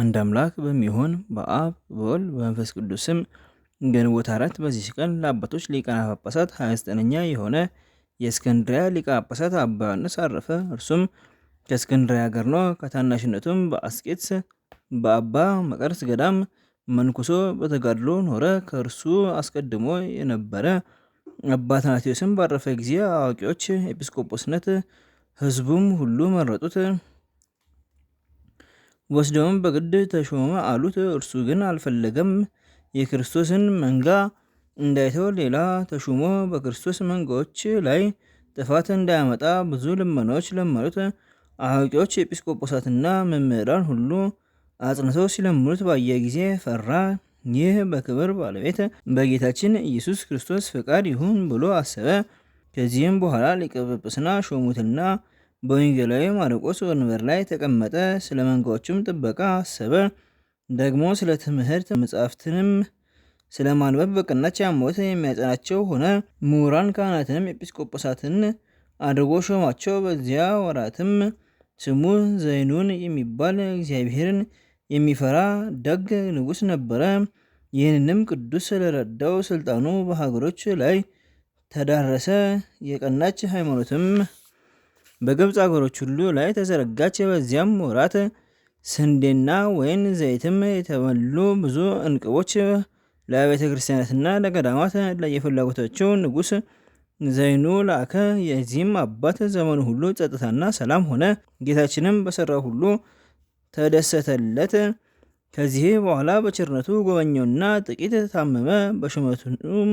አንድ አምላክ በሚሆን በአብ በወልድ በመንፈስ ቅዱስ ስም ግንቦት አራት በዚች ቀን ለአባቶች ሊቃነ ጳጳሳት 29ኛ የሆነ የእስክንድሪያ ሊቀ ጳጳሳት አባ ዮሐንስ አረፈ። እርሱም ከእስክንድሪያ ሀገር ነው። ከታናሽነቱም በአስቄትስ በአባ መቀርስ ገዳም መንኩሶ በተጋድሎ ኖረ። ከእርሱ አስቀድሞ የነበረ አባ አትናቴዎስም ባረፈ ጊዜ አዋቂዎች ኤጲስቆጶስነት ሕዝቡም ሁሉ መረጡት። ወስደውም በግድ ተሾመ አሉት። እርሱ ግን አልፈለገም። የክርስቶስን መንጋ እንዳይተው ሌላ ተሹሞ በክርስቶስ መንጋዎች ላይ ጥፋት እንዳያመጣ ብዙ ልመናዎች ለመኑት። አዋቂዎች፣ ኤጲስቆጶሳትና መምህራን ሁሉ አጽንተው ሲለምኑት ባየ ጊዜ ፈራ። ይህ በክብር ባለቤት በጌታችን ኢየሱስ ክርስቶስ ፈቃድ ይሁን ብሎ አሰበ። ከዚህም በኋላ ሊቀ ጵጵስና ሾሙትና በወንጌላዊ ማርቆስ ወንበር ላይ ተቀመጠ። ስለ መንጋዎቹም ጥበቃ አሰበ። ደግሞ ስለ ትምህርት መጻሕፍትንም ስለ ማንበብ በቀናች አምሮት የሚያጸናቸው ሆነ። ምሁራን ካህናትንም ኤጲስቆጶሳትን አድርጎ ሾማቸው። በዚያ ወራትም ስሙ ዘይኑን የሚባል እግዚአብሔርን የሚፈራ ደግ ንጉሥ ነበረ። ይህንንም ቅዱስ ስለረዳው ስልጣኑ በሀገሮች ላይ ተዳረሰ። የቀናች ሃይማኖትም በግብፅ አገሮች ሁሉ ላይ ተዘረጋች። በዚያም ወራት ስንዴና ወይን ዘይትም የተመሉ ብዙ እንቅቦች ለቤተ ክርስቲያናትና ለገዳማት ለየፍላጎታቸው ንጉሥ ዘይኑ ላከ። የዚህም አባት ዘመኑ ሁሉ ጸጥታና ሰላም ሆነ። ጌታችንም በሰራው ሁሉ ተደሰተለት። ከዚህ በኋላ በቸርነቱ ጎበኘውና ጥቂት ታመመ። በሹመቱም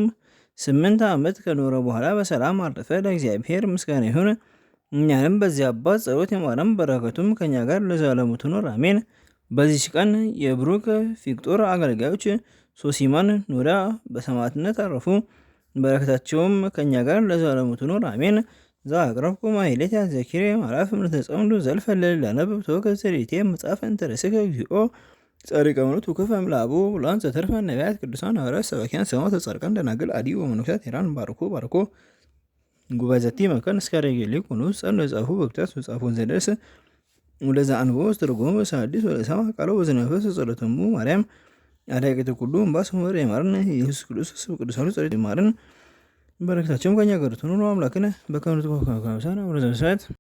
ስምንት ዓመት ከኖረ በኋላ በሰላም አረፈ። ለእግዚአብሔር ምስጋና ይሁን። እኛንም በዚህ አባት ጸሎት ይማረን፣ በረከቱም ከኛ ጋር ለዘላለሙ ትኑር አሜን። በዚች ቀን የብሩክ ፊቅጦር አገልጋዮች ሶሲማን፣ ኖዳ በሰማዕትነት አረፉ። በረከታቸውም ከኛ ጋር ለዘላለሙ ትኑር አሜን። ዘአቅረብኩ ማሕሌተ አዘኪሬ ማዕራፍ ምርተ ጸምዱ ዘልፈ ለላነብብ ተወከዘሪቴ መጽሐፈ እንተ ርእስከ እግዚኦ ጸሪቀ ምኑት ውክፈ እምለአቡ ላንፀ ተርፈ ነቢያት ቅዱሳን ሐዋርያት ሰባኪያን ሰማዕታት ጻድቃን ደናግል አዲ ወመነኮሳት ሄራን ባርኮ ባርኮ ጉባኤዛቲ መካን እስካደገ ሊቁኑ ጸን ጻፉ በክታት ጻፎን ዘደርስ ወለዛ አንቦ ስትርጎም ሳዲስ ወለሰማ ቃሎ በዝነፈስ ጸሎተሙ ማርያም አዳቂተ ኩሉ እምባስ ሆመር የማርን ኢየሱስ ክርስቶስ ቅዱሳኑ ጸሎት የማርን በረከታቸውም ከኛ ጋር ትኑሩ። አምላክነ በከምነት ኮከብ ካምሳና ሰዓት